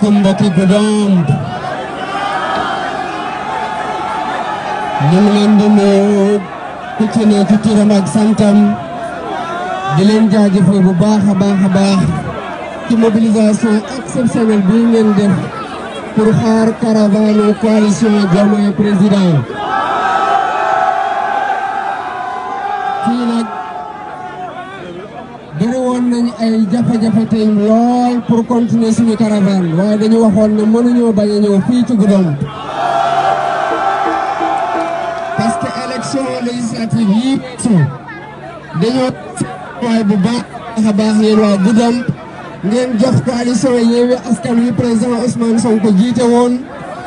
asalaamaaleykum mbokki Goudomp ñu ngi leen di nuyu ku ne ci turam ak santam di leen jaajëfal bu baax a baax a baax ci mobilisation exceptionnelle bi ngeen def pour xaar caravane coalition Diomaye Président ay jafe-jafe tey lool pour continuer suñu caravane waaye dañu waxoon ne mënuñoo bañ a ñëw fii ci Goudomp parce que élection législative yi dañoo waay bu baax a baax yéen waa Goudomp ngeen jox coalition Yewwi Askan Wi président Ousmane Sonko jiite woon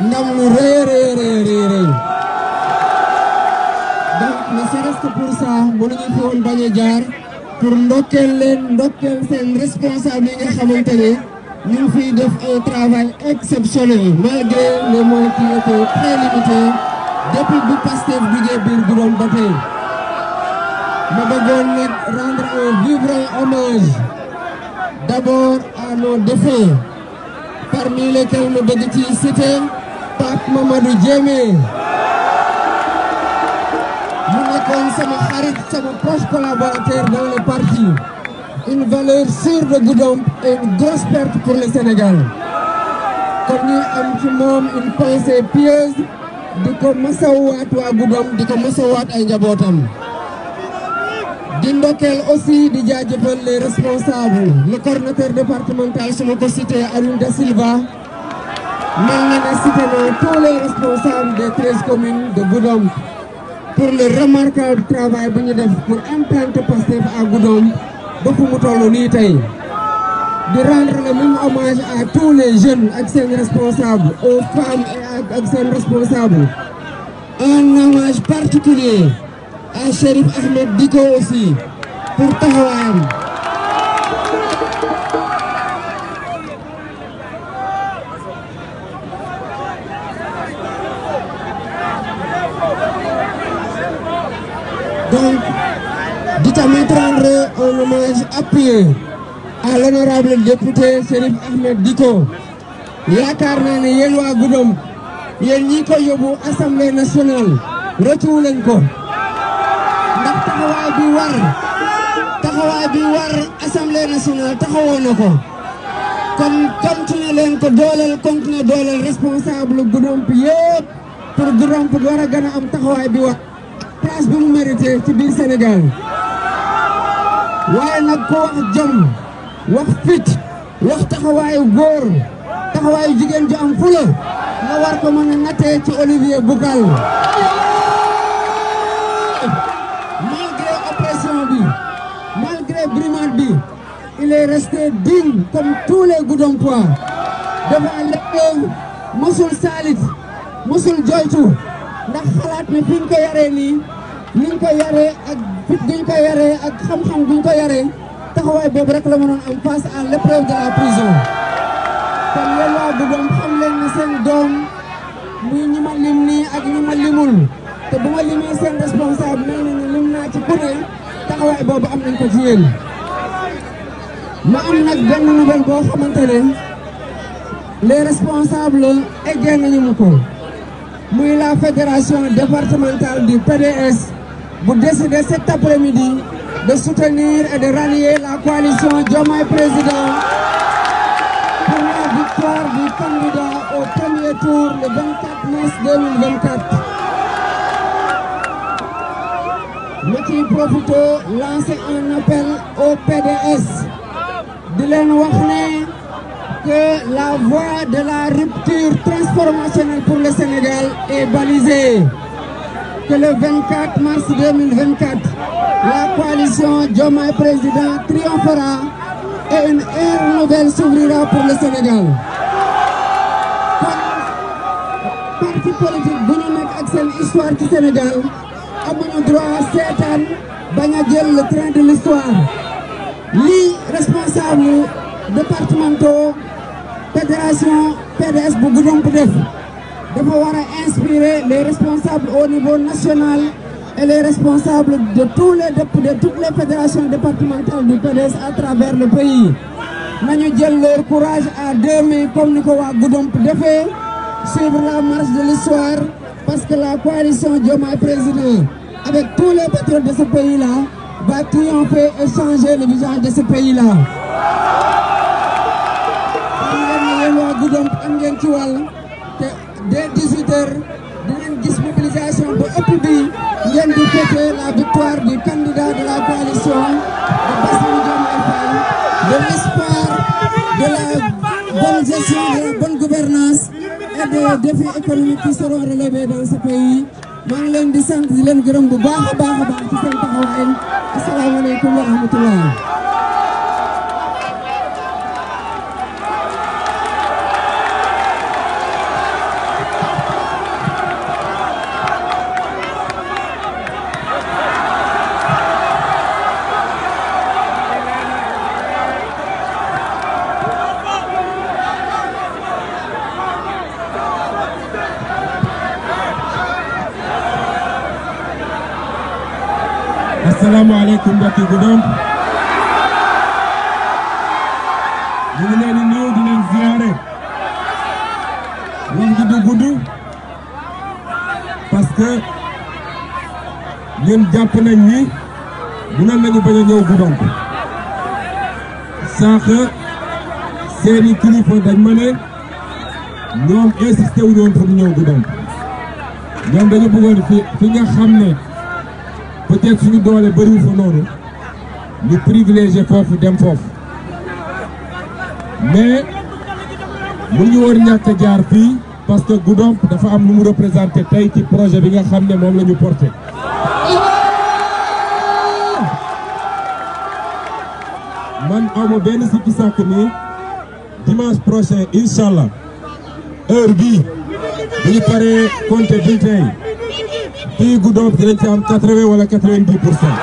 ndam lu rëy rëy rëy rëy donc ne serait-ce pour ça mënuñu fi woon bañ a jaar pour ndokkeel leen ndokkeel seen responsable yi nga xamante ne ñu fiy def un travail exceptionnel malgré les moyens qui étaient très limités depuis bu Pastef jugee biir Goudomp ba tey ma bëggoon nag rendre un vibrant hommage d'abord à nos défunts parmi lesquels ma bëgg ci citer Pape Mamadou Diémé mooy sama xarit sama proche collaborateur dans le parti une valeur de Goudomp et une grosse pour le Sénégal kon ñuy am ci moom une pensée pieuse di ko masawaat waa Goudomp di ko masawaat ay njabootam di ndokkeel aussi di jaajëfal les responsables le coordonnateur départemental su ma ko cité Alioune Da Silva mel na ne cité na tous les responsables des treize de Goudomp pour le remarquable travail bu ñu def pour implanter Pastef à Goudomp ba fu mu toll nii tey di rendre le même hommage à tous les jeunes ak seen responsables aux femmes et ak seen responsables un hommage particulier à Chérif Ahmed Diko aussi pour taxawaayam donc di tamit rendre un hommage appuyé député Serif Ahmed Diko yaakaar naa ne yéen waa Goudomp yéen ñi ko yóbbu assemblée nationale rëccu leen ko ndax taxawaay bi war taxawaay bi war assemblée nationale taxawoo na ko kon continuer leen ko dooleel continuer dooleel responsable Goudomp yëpp pour Goudomp war a gën am taxawaay bi war ci biir Sénégal waaye nag koo wax jom wax fit wax taxawaayu góor taxawaayu jigéen ju fula nga war ko mën a nattee ci Olivier Boucal malgré oppression bi malgré brimade bi il est resté digne comme tous les Goudompois devant saalit mosul joytu ndax xalaat ne fi ñu ko yaree nii niñ ko yaree ak fit duñ ko yaree ak xam-xam duñ ko yaree taxawaay boobu rek la mënoon am face à l'épreuve de la prison kon loolu laa bëggoon xam leen seen doom muy ñi ma lim nii ak ñi ma limul te bu ma limee seen responsable mel ni lim naa ci ku taxawaay boobu am nañ ko ci yéen ma am nag benn nouvelle boo xamante ne les responsables eggee nañu mu ko muy la fédération départementale du PDS bu décidez cet après-midi de soutenir et de rallier la coalition Diomaye Président pour victoire du candidat au premier le 24 mars Profito lance un appel au PDS di que la voie de la rupture transformationnelle pour le Sénégal est balisée. que le 24 mars 2024, la coalition Diomaye Président triomphera et une ère nouvelle s'ouvrira pour le Sénégal. parti politique bu ñu nekk ak seen histoire ci Sénégal amuñu droit seetaan bañ jël le train de l'histoire lii responsable départementaux fédération PDS bu Goudomp def. dafa war a inspirer les responsables au niveau national et les responsables de tous les de toutes les fédérations départementales du PDS à travers le pays nañu jël leur courage à deux mains comme ni ko waa Goudomp defee suivre la marche de l'histoire parce que la coalition Diomaye Président avec tous les patriotes de ce pays-là va triompher et changer le visage de ce pays-là. am ngeen ne waa Goudomp am ngeen ci wàll. dès 18 heures dinañ gis mobilisation bu ëpp bi ngeen di fêter la victoire du candidat de la coalition de Bassirou Diomaye Faye de l'espoir de la bonne de la bonne gouvernance et des défis yi qui seront relevés dans ce pays maa leen di sant di leen gërëm bu baax a baax ci seen taxawaay asalaamaaleykum wa rahmatullah Koumbacké Goudomp ñu ngi leen di di leen ziare wax ji du gudd parce que ñun jàpp nañ ni mënoon nañu bañ a ñëw Goudomp sànq seeni kilifa dañ ma ne ñoom insisté wu ñu woon pour ñëw ñoom dañu bëggoon fi fi nga xam ne. peut-être ñu doole bëriwul fa noonu ñu privilégié foofu dem foofu mais mu ñu woon ñàkk a jaar fii parce que Goudomp dafa am lu mu représenté tey ci projet bi nga xam ne moom la ñu porté. man aw ma benn sikki sàkk ni dimanche prochain incha allah bii bu ñu paree compté bulletin yi. kii guddoom dinañ ci am quatre wala quatre-vingt-dix pour cent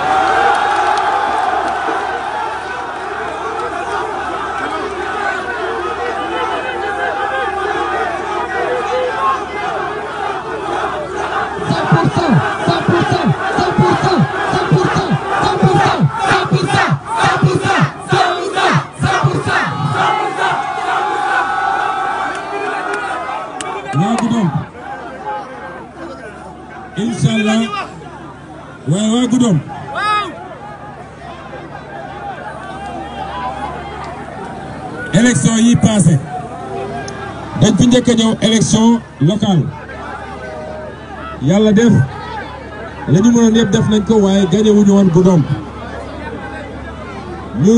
njëkk a ñëw yàlla def lañu ñu mënoon yëpp def nañ ko waaye gagné wuñu woon Goudomp ñu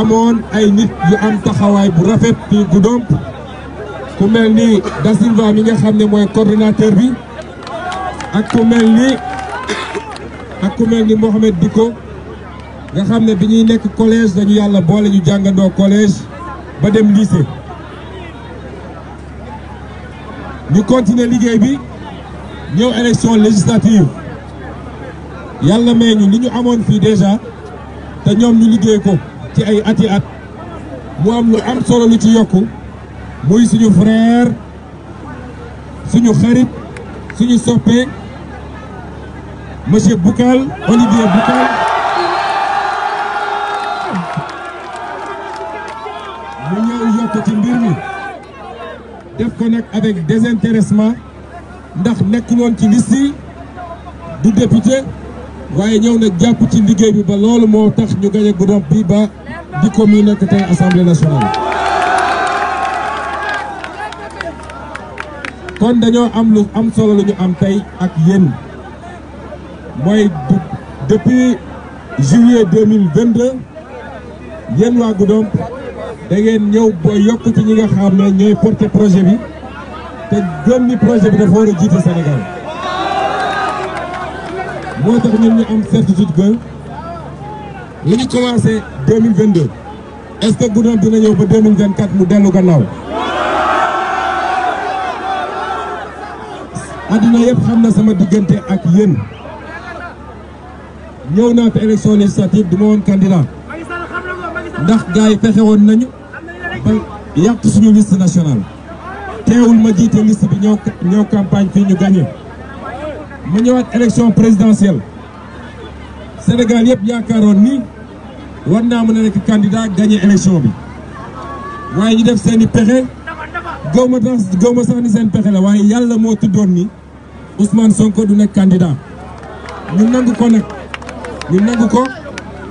amoon ay nit yu am taxawaay bu rafet gu Goudomp ku mel ni Da Silva mi nga xam ne mooy coordonnateur bi ak ku mel ni ak ku mel ni Mohamed Diko nga xam ne bi ñuy nekk collège dañu yàlla boole ñu jàngandoo collège ba dem lycée. ñu continuer liggéey bi ñëw élection législative yàlla may ñu li ñu amoon fii déjà te ñoom ñu liggéey ko ci ay ati at mu am lu am solo lu ci yokku muy suñu frère suñu xarit suñu soppe monsieur Boucal Olivier Boucal def ko nag avec désintéressement ndax nekk loon ci liste yi du député waaye ñëw na jàpp ci liggéey bi ba loolu moo tax ñu gañe guddoom bi ba di ko muy nekk tey assemblée nationale. kon dañoo am lu am solo lu ñu am tey ak yéen mooy depuis juillet deux mille vingt deux yéen waa Goudomp da ngeen ñëw ba yokk ci ñi nga xam ne ñooy porter projet bi te gëm ni projet bi dafa war a jiite Sénégal moo tax ñun ñu am certitude que li ñu commencé 2022 est-ce que guddoon dina ñëw ba 2024 mu dellu gannaaw. adduna yëpp xam na sama diggante ak yéen ñëw naa fi élection législative du ma woon candidat ndax gars yi fexe woon nañu yàq yàq suñu liste nationale teewul ma jiite liste bi ñoo ñoo campagne fii ñu gagné mu ñëwaat élection présidentielle Sénégal yëpp yaakaaroon ni war naa mën a nekk candidat gagné élection bi waaye ñu def seeni i pexe gaw ma tax sax ni seen pexe la waaye yàlla moo tuddoon ni Ousmane Sonko du nekk candidat ñu nangu ko nag ñu nangu ko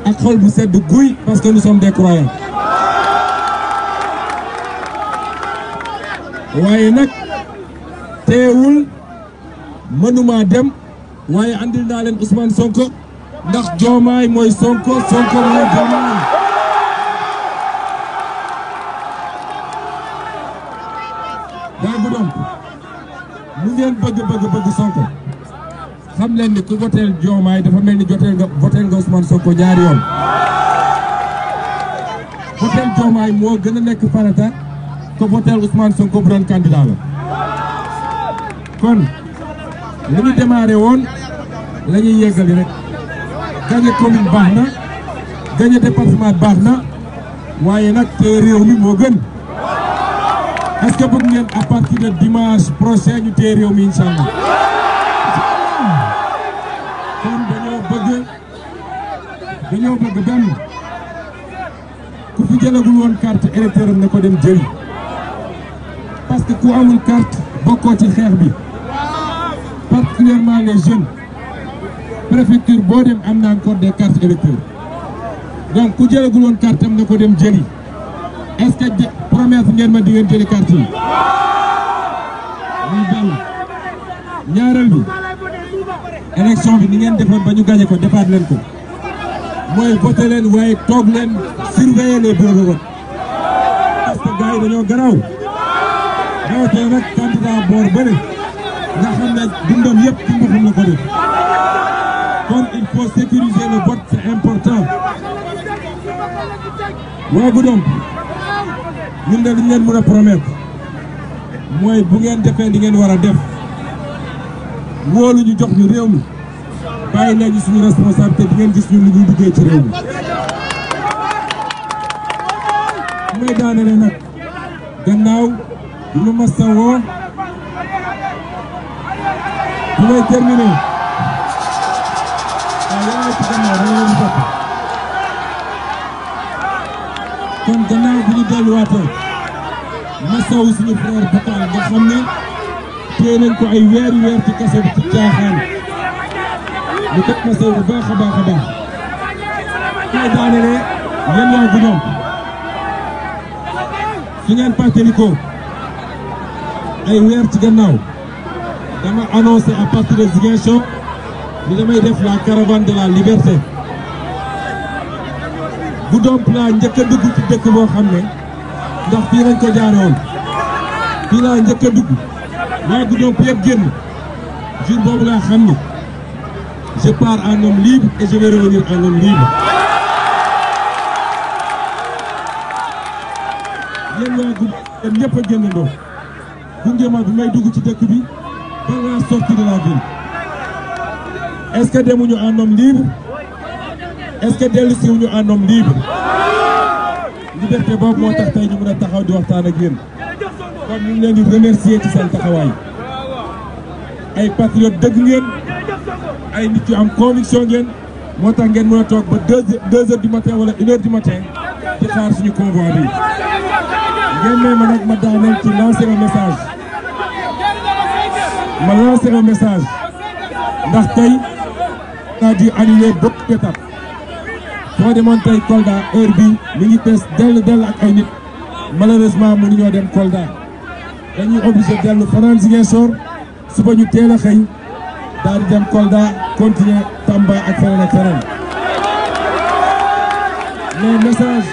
ak xol bu sedd guy parce que nous sommes des waaye nag teewul mënuma dem waaye andil naa leen Ousmane Sonko ndax Diomaye mooy Sonko Sonko mooy Diomaye daagu donc mu ngeen bëgg bëgg bëgg Sonko xam leen ni ku voteel Diomaye dafa mel ni joteel nga voteel nga Ousmane Sonko jaar yoon voteel Diomaye moo gën a nekk farata que voteel Ousmane Sonko bu doon candidat la kon li ñu woon la yeggali rek gagné commune baax na gagné département baax na waaye nag te réew mi moo gën est-ce que bëgg ngeen à partir de dimanche prochain réew mi incha allah kon dañoo bëgg dañoo ku fi jëlagul woon carte électeur na ko dem jëli que ku amul carte bokkoo ci xeex bi particulièrement les jeunes préfecture boo dem am na encore des cartes électeurs donc ku jëlagul woon carte am na ko dem jëli est-ce ngeen ma di ngeen yi muy benn ñaareel bi élection bi ni ngeen defoon ba ñu gagné ko defaat leen ko mooy voté leen waaye toog leen surveiller les bureaux de vote parce dañoo garaaw dootee rek candidat boor bëri nga xam ne dundam yëpp ci ndoxum la ko def kon il faut sécuriser le vote c'est important waa Goudomp ñun de liñ leen mën a promettre mooy bu ngeen defee di ngeen war a def wóolu ñu jox ñu réew mi bàyyi nañu suñu responsabilité di ngeen gis ñun li ñuy liggéey ci réew mi may daanele nag gannaaw lu ma sawoo bu may terminé waaw yéen a ngi ci gannaaw da ngeen di topp kon gannaaw bi ñu delluwaatee ma sawu suñu frère Bakar nga xam ne téye ko ay weer weer ci kaso bi ci caaxaan lu teg ma saw baax a baax a baax kay daane ne yéen waa Goudomp su ngeen fàttalikoo ay weer ci gannaaw dama annoncé à partir de Ziguinchor li damay def la caravane liberté bu domp laa njëkk a dugg ci dëkk boo xam ne ndax fii lañ ko jaare fii laa njëkk dugg waaye bu domp génn jour boobu laa xam ni je pars en libre et je vais libre yéen waa gub yéen ñëpp a génn gunge ma bi may dugg ci dëkk bi ba la sortie de la ville est-ce que demuñu en homme libre est-ce que dellu si wuñu en homme libre liberté boobu moo tax tey ñu mën a taxaw di waxtaan ak yéen kon ñu ngi leen di ci seen ay patriotes dëgg ngeen ay nit yu am conviction ngeen moo tax ngeen mën a toog ba deux deux heures du matin wala une matin di xaar suñu convoi bi ngeen may ma nag ma daaneel ci lancer un message. ma lancer un message ndax tey daa di annuler beaucoup d'étapes soo demoon tey Kolda heure bi mi ngi fees dell dell ak ay nit malheureusement mënuñoo dem Kolda dañuy obligé dellu fanaan Ziguinchor suba ñu teel a xëy daal dem Kolda continuer Tamba ak feneen ak feneen les messages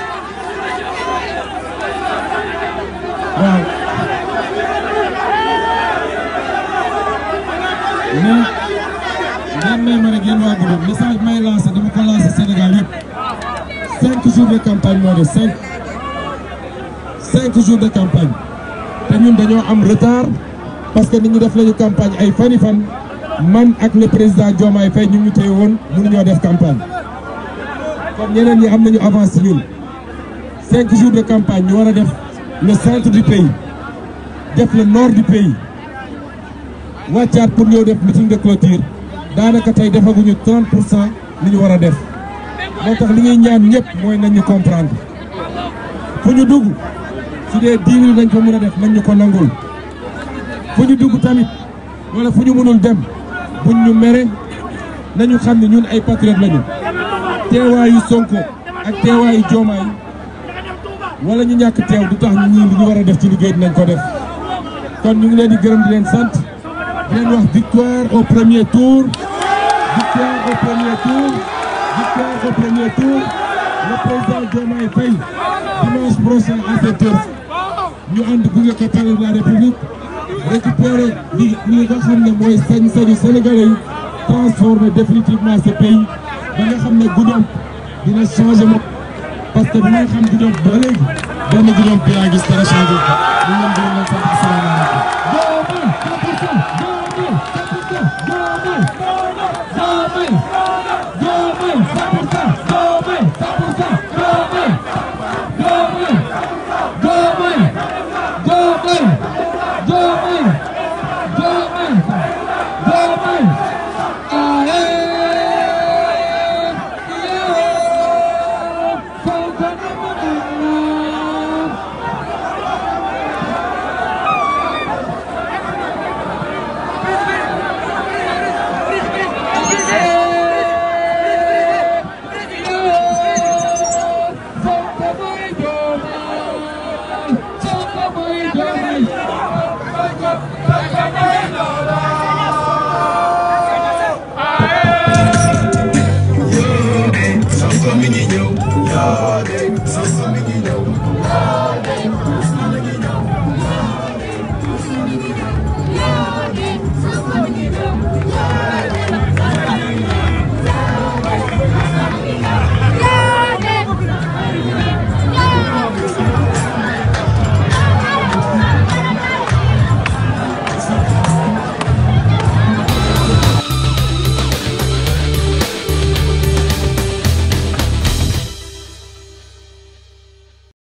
waaw mais ngeen may mën a génn waa Goudiri message may lancé dama ko lancé Sénégal yëpp cinq jours de campagne moo de cinq cinq jours de campagne te ñun dañoo am retard parce que nit ñi def lañu campagne ay fani fan man ak le président Diomaye Faye ñu ñu téye woon ñoo def campagne kon ñeneen yi am nañu avance ñun cinq jours de campagne ñu war a def le centre du pays def le nord du pays wàccaat pour ñëw def meeting de clôture daanaka tey defaguñu 30 pour sant li ñu war a def moo tax li ñuy ñaan ñëpp mooy nañ ñu comprendre fu ñu dugg su dee 10 minutes dañ ko mën a def nañ ñu ko nangul fu ñu dugg tamit wala fu ñu mënul dem buñ ñu mere nañu xam ne ñun ay patriote lañu teewaayu Sonko ak teewaayu Diomaye wala ñu ñàkk teew du tax ñun li ñu war a def ci liggéey dinañ ko def kon ñu ngi leen di gërëm di leen sant. leen wax victoire au premier tour victoire au premier tour victoire au premier tour le président Diomaye Faye dimanche prochain à sept heures ñu ànd gunge ko palais de la république récupérer li li nga xam ne mooy sañ-sañu sénégalais yi transformer pays ba nga xam ne guddoom dina changer moom parce que bi nga xam guddoom ba léegi benn guddoom bi laa gis dara changer yaa de sësën mi ngi ñëw.